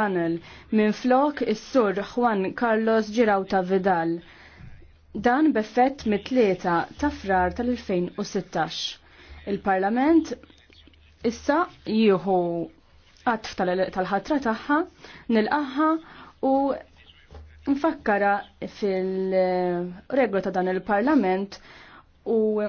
panel minn flok is-sur Juan Carlos Girauta Vidal. Dan beffett mit-tlieta ta' frar tal-2016. Il-Parlament issa jieħu għatf tal-ħatra tagħha, nilqaħħa u nfakkara fil regola ta' dan il-Parlament u